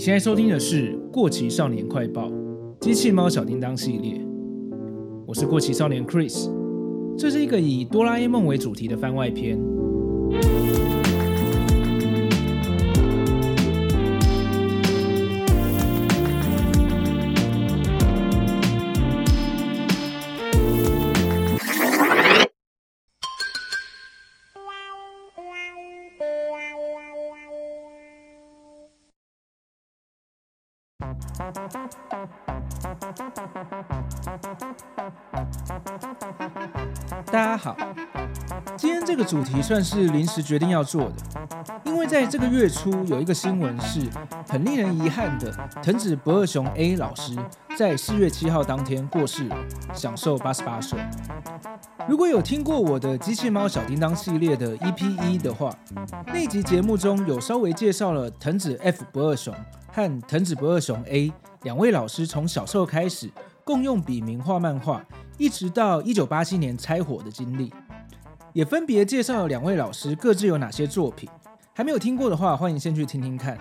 現在收聽的是《過期少年快報》機器貓小叮噹系列，我是過期少年 Chris，這是一個以哆啦 A 夢為主題的番外篇。大家好，今天這個主題算是臨時決定要做的，因為在這個月初有一個新聞是很令人遺憾的，藤子不二雄 A 老師在四月七號當天過世，享壽八十八歲。如果有聽過我的機器貓小叮當系列的 EP 一的話，那集節目中有稍微介紹了藤子 F 不二雄。和藤子不二雄 A 兩位老師從小時候開始共用筆名畫漫畫，一直到一九八七年拆夥的經歷，也分別介紹了兩位老師各自有哪些作品。還沒有聽過的話，歡迎先去聽聽看。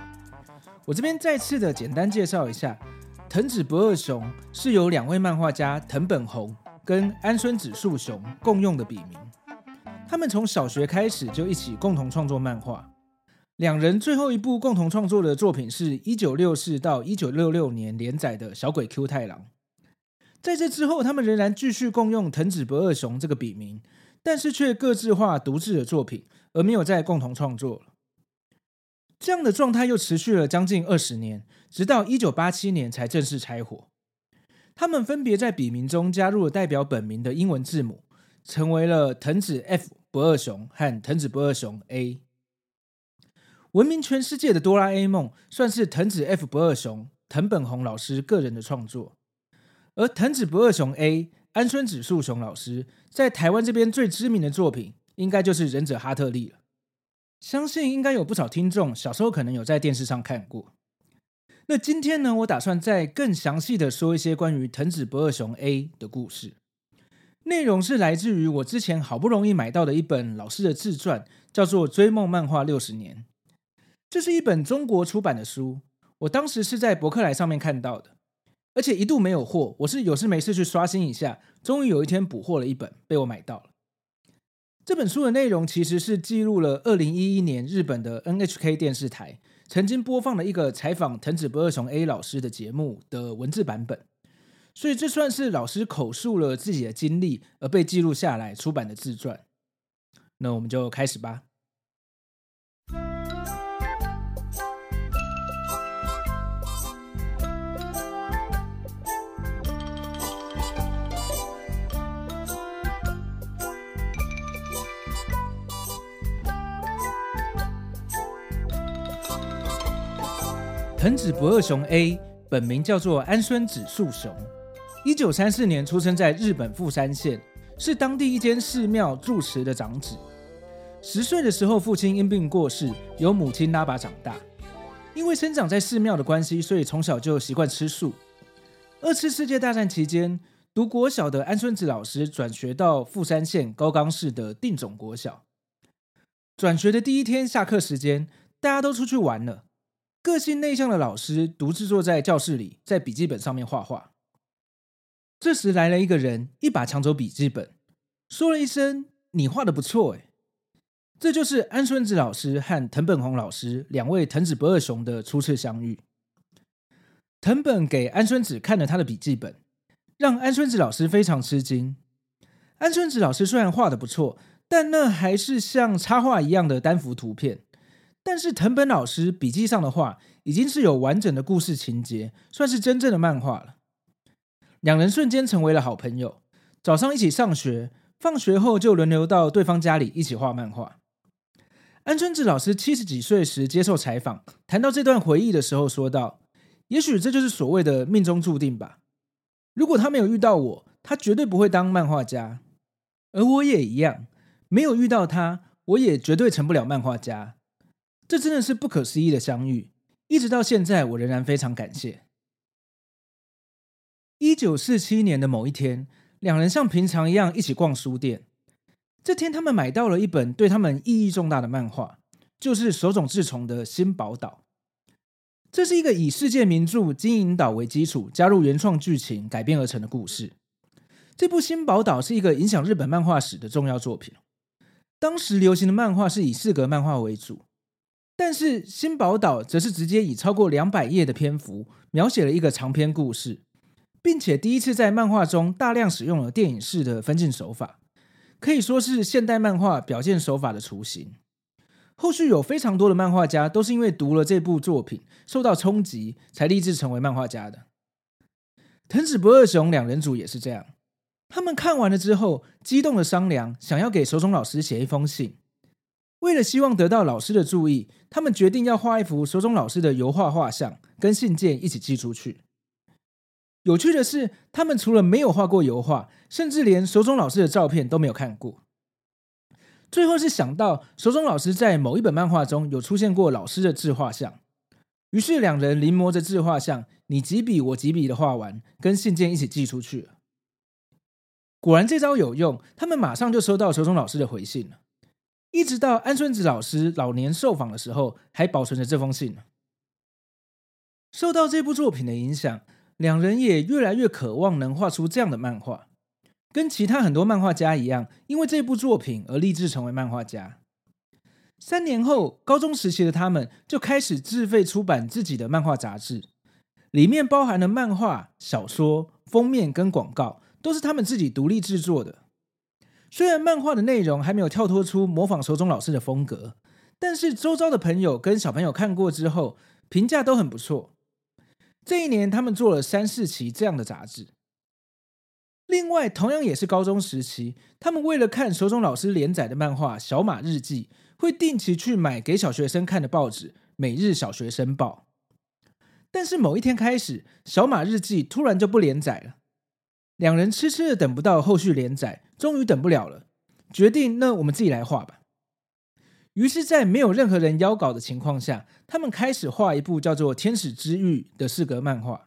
我這邊再次的簡單介紹一下，藤子不二雄是由兩位漫畫家藤本弘跟安孫子素雄共用的筆名，他們從小學開始就一起共同創作漫畫。兩人最後一部共同創作的作品是1964到1966年連載的《小鬼 Q 太郎》。在這之後，他們仍然繼續共用藤子不二雄這個筆名，但是卻各自畫獨自的作品，而沒有再共同創作。這樣的狀態又持續了將近二十年，直到1987年才正式拆夥。他們分別在筆名中加入了代表本名的英文字母，成為了藤子 F 不二雄和藤子不二雄 A。聞名全世界的哆啦 A 夢算是藤子 F 不二雄、藤本弘老師個人的創作，而藤子不二雄 A 安孫子素雄老師在台灣這邊最知名的作品，應該就是《忍者哈特利》了。相信應該有不少聽眾小時候可能有在電視上看過。那今天呢，我打算再更詳細的說一些關於藤子不二雄 A 的故事。內容是來自於我之前好不容易買到的一本老師的自傳，叫做《追夢漫畫六十年》。這是一本中國出版的書，我當時是在博客來上面看到的，而且一度沒有貨，我是有事沒事去刷新一下，終於有一天補貨了一本，被我買到了。這本書的內容其實是記錄了二零一一年日本的 NHK 電視台曾經播放了一個採訪藤子不二雄 A 老師的節目的文字版本，所以這算是老師口述了自己的經歷而被記錄下來出版的自傳。那我們就開始吧。藤子不二雄 A 本名叫做安孫子素雄，一九三四年出生在日本富山縣，是當地一間寺廟住持的長子。十歲的時候，父親因病過世，由母親拉拔長大。因為生長在寺廟的關係，所以從小就習慣吃素。二次世界大戰期間，讀國小的安孫子老師轉學到富山縣高岡市的定塚國小。轉學的第一天，下課時間，大家都出去玩了。個性內向的老師獨自坐在教室裡，在筆記本上面畫畫。這時來了一個人，一把搶走筆記本，說了一聲：“你畫的不錯。”誒。這就是安孫子老師和藤本弘老師兩位藤子不二雄的初次相遇。藤本給安孫子看了他的筆記本，讓安孫子老師非常吃驚。安孫子老師雖然畫的不錯，但那還是像插畫一樣的單幅圖片。但是藤本老師筆記上的畫已經是有完整的故事情節，算是真正的漫畫了。兩人瞬間成為了好朋友，早上一起上學，放學後就輪流到對方家裡一起畫漫畫。安孫子老師七十幾歲時接受採訪，談到這段回憶的時候說道：“也許這就是所謂的命中注定吧。如果他沒有遇到我，他絕對不會當漫畫家；而我也一樣，沒有遇到他，我也絕對成不了漫畫家。”這真的是不可思議的相遇，一直到現在，我仍然非常感謝。一九四七年的某一天，兩人像平常一樣一起逛書店。這天，他們買到了一本對他們意義重大的漫畫，就是手冢治蟲的《新寶島》。這是一個以世界名著《金銀島》為基礎，加入原創劇情改編而成的故事。這部《新寶島》是一個影響日本漫畫史的重要作品。當時流行的漫畫是以四格漫畫為主。但是《新寶島》則是直接以超過兩百頁的篇幅，描寫了一個長篇故事，並且第一次在漫畫中大量使用了電影式的分鏡手法，可以說是現代漫畫表現手法的雛形。後續有非常多的漫畫家都是因為讀了這部作品受到衝擊，才立志成為漫畫家的。藤子不二雄兩人組也是這樣，他們看完了之後，激動的商量，想要給手塚老師寫一封信。為了希望得到老師的注意，他們決定要畫一幅手塚老師的油畫畫像，跟信件一起寄出去。有趣的是，他們除了沒有畫過油畫，甚至連手塚老師的照片都沒有看過。最後是想到手塚老師在某一本漫畫中有出現過老師的自畫像，於是兩人臨摹着自畫像，你幾筆我幾筆的畫完，跟信件一起寄出去了。果然這招有用，他們馬上就收到手塚老師的回信了。一直到安孫子老師老年受訪的時候，還保存着這封信。受到這部作品的影響，兩人也越來越渴望能畫出這樣的漫畫。跟其他很多漫畫家一樣，因為這部作品而立志成為漫畫家。三年後，高中時期的他們就開始自費出版自己的漫畫雜誌，裡面包含了漫畫、小說、封面跟廣告，都是他們自己獨立制作的。雖然漫畫的內容還沒有跳脫出模仿手冢老師的風格，但是周遭的朋友跟小朋友看過之後，評價都很不錯。這一年，他們做了三四期這樣的雜誌。另外，同樣也是高中時期，他們為了看手塚老師連載的漫畫《小馬日記》，會定期去買給小學生看的報紙《每日小學生報》。但是某一天開始，《小馬日記》突然就不連載了。兩人癡癡的等不到後續連載，終於等不了了，決定那我們自己來畫吧。於是，在沒有任何人邀稿的情況下，他們開始畫一部叫做《天使之玉》的四格漫畫。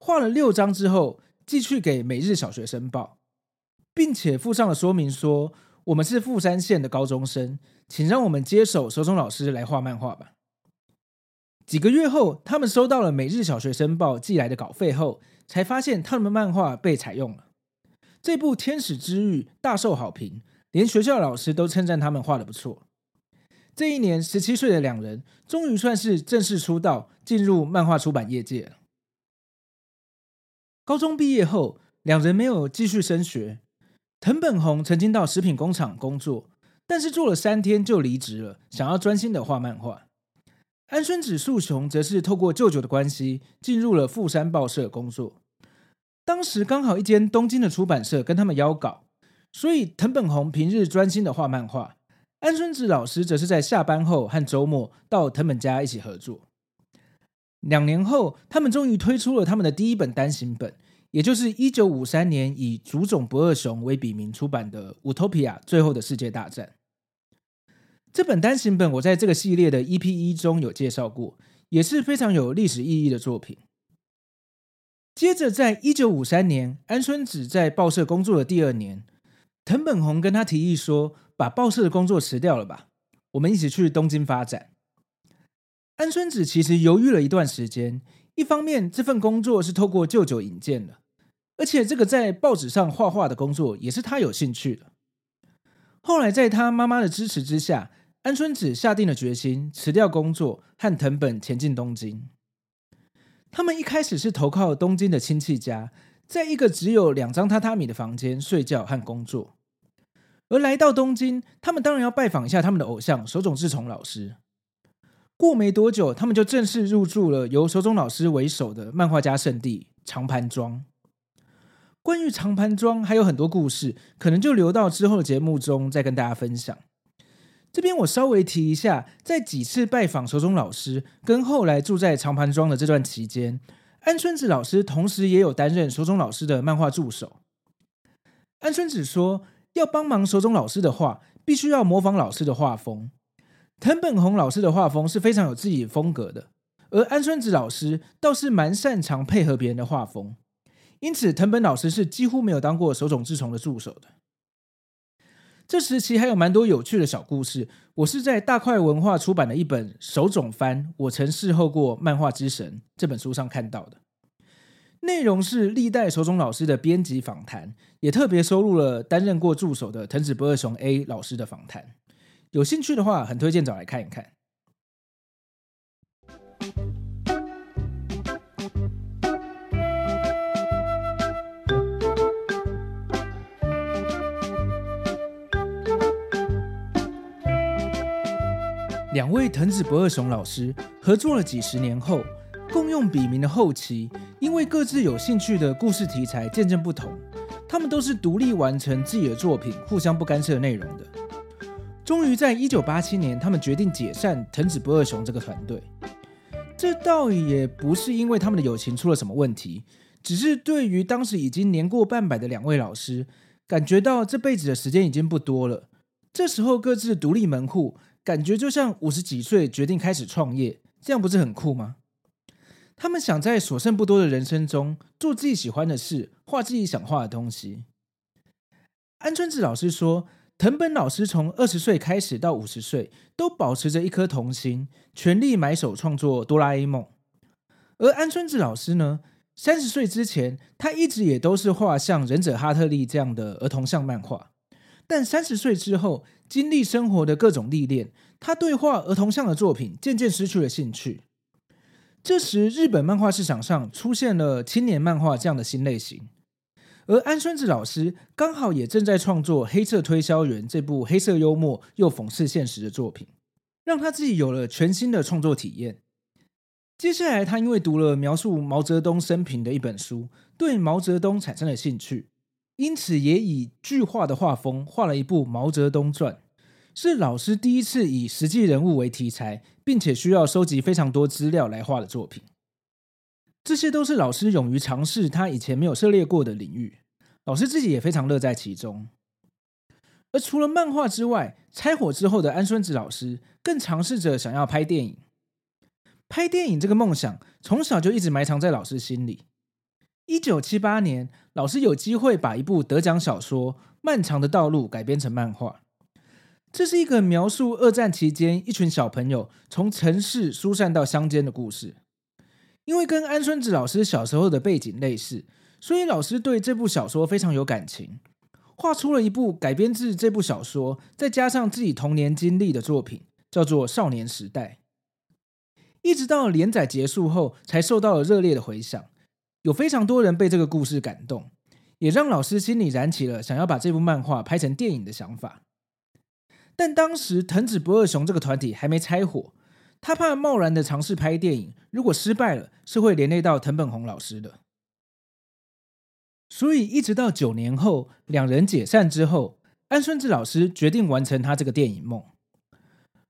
畫了六章之後，寄去給《每日小學生報》，並且附上了說明說，說我們是富山縣的高中生，請讓我們接手手塚老師來畫漫畫吧。幾個月後，他們收到了《每日小學生報》寄來的稿費後，才發現他們的漫畫被採用了。這部《天使之浴》大受好評，連學校老師都稱讚他們畫的不錯。這一年，十七歲的兩人終於算是正式出道，進入漫畫出版業界了。高中畢業後，兩人沒有繼續升學。藤本弘曾經到食品工廠工作，但是做了三天就離職了，想要專心的畫漫畫。安孫子素雄則是透過舅舅的關係進入了富山報社工作。當時剛好一間東京的出版社跟他們邀稿，所以藤本弘平日專心的畫漫畫，安孫子老師則是在下班後和週末到藤本家一起合作。兩年後，他們終於推出了他們的第一本單行本，也就是一九五三年以足塚不二雄為筆名出版的《Utopia 最後的世界大戰》。這本單行本我在這個系列的 EP1 中有介紹過，也是非常有歷史意義的作品。接着，在一九五三年，安孫子在報社工作的第二年，藤本弘跟他提議說：“把報社的工作辭掉了吧，我們一起去東京發展。”安孫子其實猶豫了一段時間，一方面這份工作是透過舅舅引薦的，而且這個在報紙上畫畫的工作也是他有興趣的。後來在他媽媽的支持之下。安孫子下定了決心，辭掉工作，和藤本前進東京。他們一開始是投靠東京的親戚家，在一個只有兩張榻榻米的房間睡覺和工作。而來到東京，他們當然要拜訪一下他們的偶像，手塚治蟲老師。過沒多久，他們就正式入住了由手塚老師為首的漫畫家聖地常盤莊。關於常盤莊還有很多故事，可能就留到之後的節目中再跟大家分享。這邊我稍微提一下，在幾次拜訪手塚老師跟後來住在常盤莊的這段期間，安孫子老師同時也有擔任手塚老師的漫畫助手。安孫子說，要幫忙手塚老師的話，必須要模仿老師的畫風。藤本弘老師的畫風是非常有自己的風格的，而安孫子老師倒是蠻擅長配合別人的畫風，因此藤本老師是幾乎沒有當過手塚治蟲的助手的。這時期還有蠻多有趣的小故事，我是在大塊文化出版的一本手塚番，我曾侍候過漫畫之神，這本書上看到的。內容是歷代手塚老師的編輯訪談，也特別收錄了擔任過助手的藤子不二雄 A 老師的訪談。有興趣的話，很推薦找來看一看。兩位藤子不二雄老師合作了幾十年後，共用筆名的後期，因為各自有興趣的故事題材漸漸不同，他們都是獨立完成自己的作品，互相不干涉的內容的。終於在一九八七年，他們決定解散藤子不二雄這個團隊。這倒也不是因為他們的友情出了什麼問題，只是對於當時已經年過半百的兩位老師，感覺到這輩子的時間已經不多了。這時候各自獨立門戶。感覺就像五十幾歲決定開始創業，這樣不是很酷嗎？他們想在所剩不多的人生中做自己喜歡的事，畫自己想畫的東西。安孫子老師說，藤本老師從二十歲開始到五十歲都保持着一顆童心，全力埋首創作《哆啦 A 夢》。而安孫子老師呢，三十歲之前，他一直也都是畫像忍者哈特利這樣的兒童向漫畫。但三十歲之後，經歷生活的各種歷練，他對畫兒童向的作品漸漸失去了興趣。這時，日本漫畫市場上出現了青年漫畫這樣的新類型，而安孫子老師剛好也正在創作《黑色推銷員》這部黑色幽默又諷刺現實的作品，讓他自己有了全新的創作體驗。接下來，他因為讀了描述毛澤東生平的一本書，對毛澤東產生了興趣。因此，也以劇畫的畫風畫了一部《毛澤東傳》，是老師第一次以實際人物為題材，並且需要收集非常多資料來畫的作品。這些都是老師勇於嘗試他以前沒有涉獵過的領域，老師自己也非常樂在其中。而除了漫畫之外，拆夥之後的安孫子老師更嘗試着想要拍電影。拍電影這個夢想從小就一直埋藏在老師心裡。一九七八年，老師有機會把一部得獎小說《漫長的道路》改編成漫畫。這是一個描述二戰期間一群小朋友從城市疏散到鄉間的故事。因為跟安孫子老師小時候的背景類似，所以老師對這部小說非常有感情，畫出了一部改編自這部小說，再加上自己童年經歷的作品，叫做《少年時代》。一直到連載結束後，才受到了熱烈的回響。有非常多人被這個故事感動，也讓老師心裡燃起了想要把這部漫畫拍成電影的想法。但當時藤子不二雄這個團體還沒拆夥，他怕貿然的嘗試拍電影，如果失敗了，是會連累到藤本弘老師的。所以一直到九年後，兩人解散之後，安孫子老師決定完成他這個電影夢。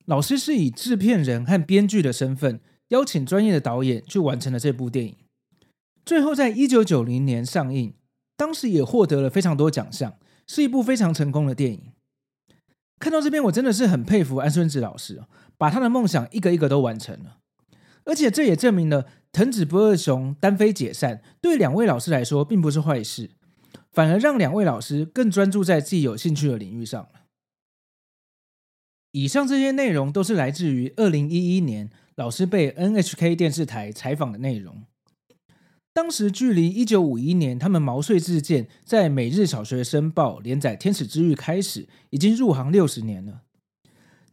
老師是以製片人和編劇的身份，邀請專業的導演去完成了這部電影。最後，在一九九零年上映，當時也獲得了非常多獎項，是一部非常成功的電影。看到這邊，我真的是很佩服安孫子老師，把他的夢想一個一個都完成了。而且，這也證明了藤子不二雄單飛解散，對兩位老師來說並不是壞事，反而讓兩位老師更專注在自己有興趣的領域上了。以上這些內容都是來自於二零一一年老師被 NHK 電視台採訪的內容。當時距離一九五一年他們毛遂自薦在《每日小學生報》連載《天使之玉》開始，已經入行六十年了。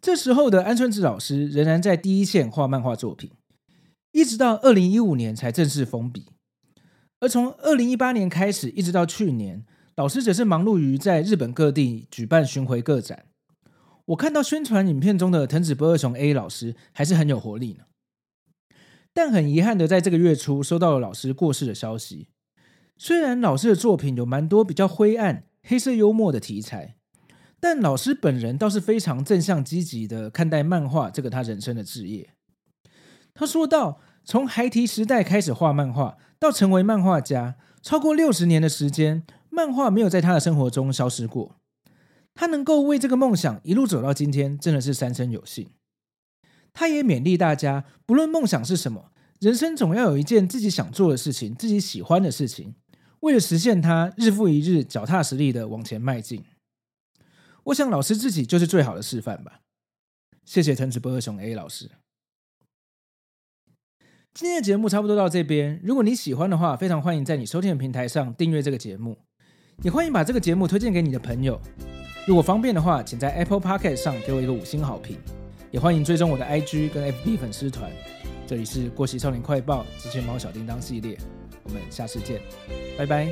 這時候的安孫子老師仍然在第一線畫漫畫作品，一直到二零一五年才正式封筆。而從二零一八年開始，一直到去年，老師只是忙碌於在日本各地舉辦巡回個展。我看到宣傳影片中的藤子不二雄 A 老師還是很有活力呢。但很遺憾的，在這個月初，收到了老師過世的消息。雖然老師的作品有蠻多比較灰暗、黑色幽默的題材，但老師本人倒是非常正向積極的看待漫畫這個他人生的志業。他說道，從孩提時代開始畫漫畫，到成為漫畫家，超過六十年的時間，漫畫沒有在他的生活中消失過。他能夠為這個夢想一路走到今天，真的是三生有幸。他也勉勵大家，不論夢想是什麼，人生總要有一件自己想做的事情，自己喜歡的事情。為了實現它，日復一日，腳踏實地的往前邁進。我想老師自己就是最好的示範吧。謝謝藤子不二雄Ⓐ老師。今天的節目差不多到這邊，如果你喜歡的話，非常歡迎在你收聽的平台上訂閱這個節目，也歡迎把這個節目推薦給你的朋友。如果方便的話，請在 Apple Podcast 上給我一個五星好評。也歡迎追蹤我的 IG 跟 FB 粉絲團，這裡是《過氣少年快報》之“機器貓小叮噹”系列，我們下次見，拜拜。